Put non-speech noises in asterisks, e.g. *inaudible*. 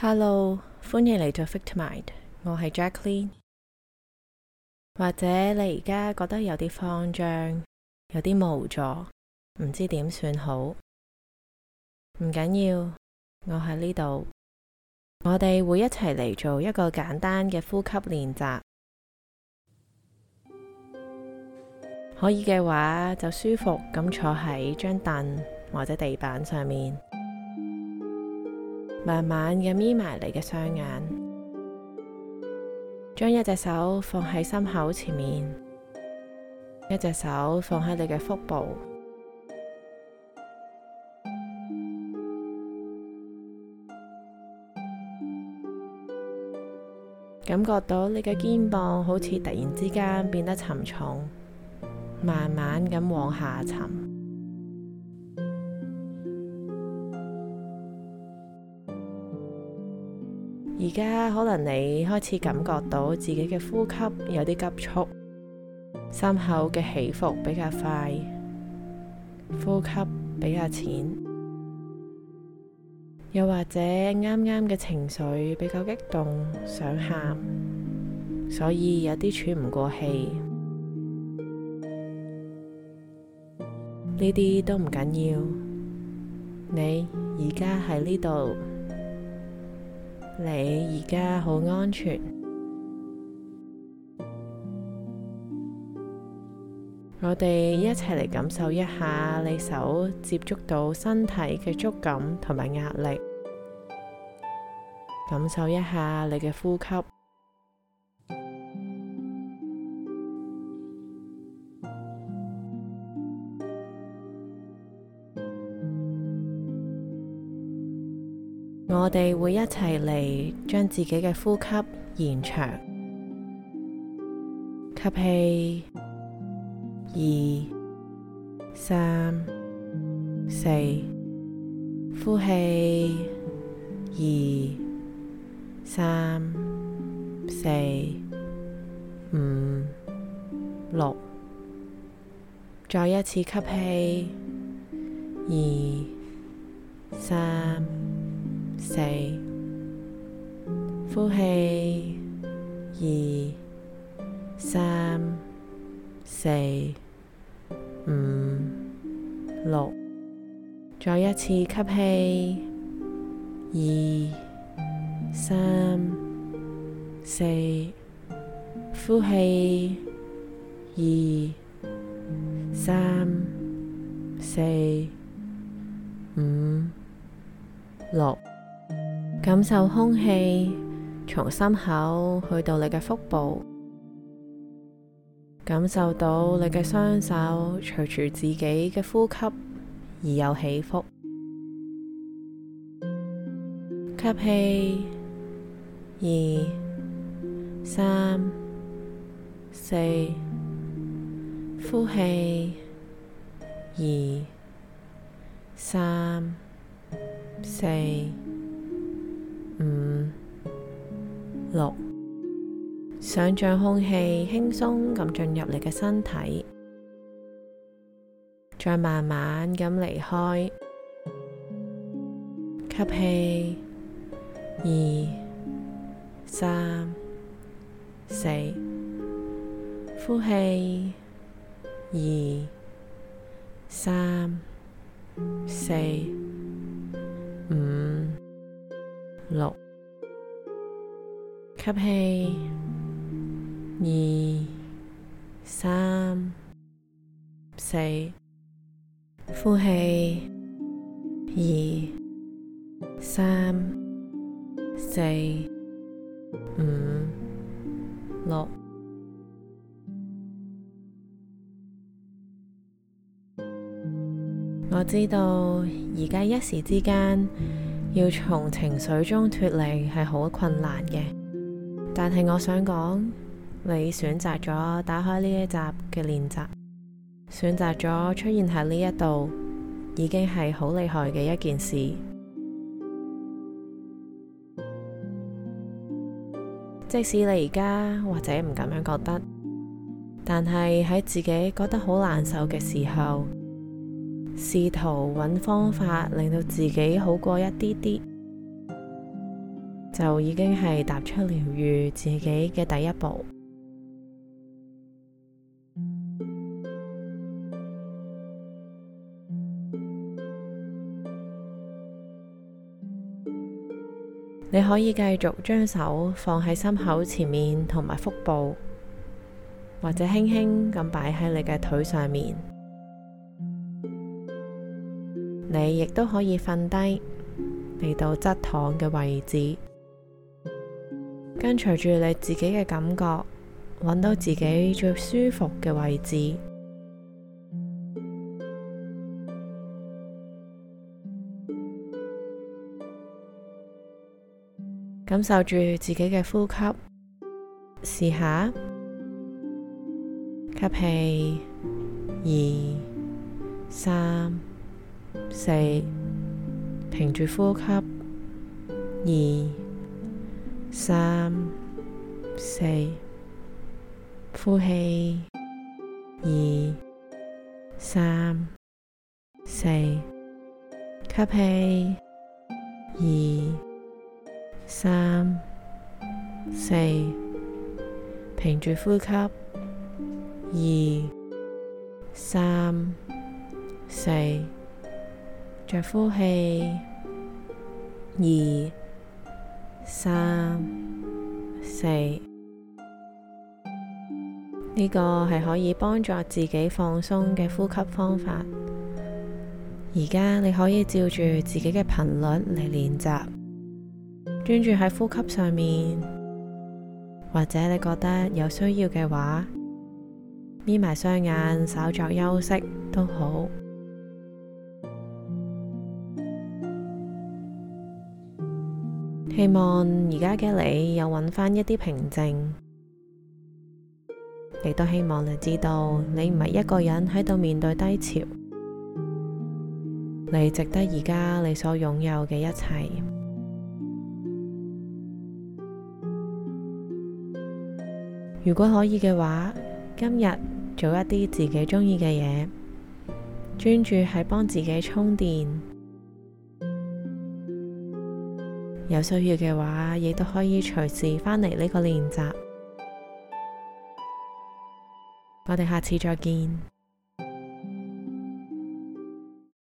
Hello，歡迎嚟到 Vitamind，我係 Jaclyn。或者你而家覺得有啲慌張，有啲無助，唔知點算好？唔緊要，我喺呢度，我哋會一齊嚟做一個簡單嘅呼吸練習。可以嘅話，就舒服咁坐喺張凳或者地板上面。慢慢咁眯埋你嘅雙眼，將一隻手放喺心口前面，一隻手放喺你嘅腹部，感覺到你嘅肩膀好似突然之間變得沉重，慢慢咁往下沉。而家可能你開始感覺到自己嘅呼吸有啲急促，心口嘅起伏比較快，呼吸比較淺，又或者啱啱嘅情緒比較激動，想喊，所以有啲喘唔過氣。呢啲都唔緊要，你而家喺呢度。你而家好安全，我哋一齊嚟感受一下你手接觸到身體嘅觸感同埋壓力，感受一下你嘅呼吸。我哋會一齊嚟將自己嘅呼吸延長，吸氣二三四，呼氣二三四五六，再一次吸氣二三，四，呼氣，二、三、四、五、六，再一次吸氣，二、三、四，呼氣，二、三、四、五、六。感受空氣從心口去到你嘅腹部，感受到你嘅雙手隨住自己嘅呼吸而有起伏。吸氣，二、三、四；呼氣，二、三、四。五六，想像空氣輕鬆咁進入你嘅身體，再慢慢咁離開，吸氣，二三四，呼氣，二三四五。六，吸氣，二、三、四，呼氣，二、三、四、五、六。我知道而家一時之間。要從情緒中脫離係好困難嘅，但係我想講，你選擇咗打開呢一集嘅練習，選擇咗出現喺呢一度，已經係好厲害嘅一件事。即使你而家或者唔咁樣覺得，但係喺自己覺得好難受嘅時候，試圖揾方法令到自己好過一啲啲，就已經係踏出療愈自己嘅第一步。 *music* 你可以繼續將手放喺心口前面同埋腹部，或者輕輕咁擺喺你嘅腿上面。你亦都可以瞓低，嚟到側躺嘅位置，跟隨住你自己嘅感覺，揾到自己最舒服嘅位置，感受住自己嘅呼吸，試下吸氣，二三。四，4，停住呼吸。二、三、四，呼氣。二、三、四，吸氣。二、三、四，停住呼吸。二、三、四。再呼氣，二、三、四，呢個係可以幫助自己放鬆嘅呼吸方法。而家你可以照住自己嘅頻率嚟練習，專注喺呼吸上面，或者你覺得有需要嘅話，眯埋雙眼稍作休息都好。希望而家嘅你又揾返一啲平靜，亦都希望你知道，你唔係一個人喺度面對低潮，你值得而家你所擁有嘅一切。如果可以嘅話，今日做一啲自己鍾意嘅嘢，專注喺幫自己充電。有需要嘅話，亦都可以隨時返嚟呢個練習。我哋下次再見。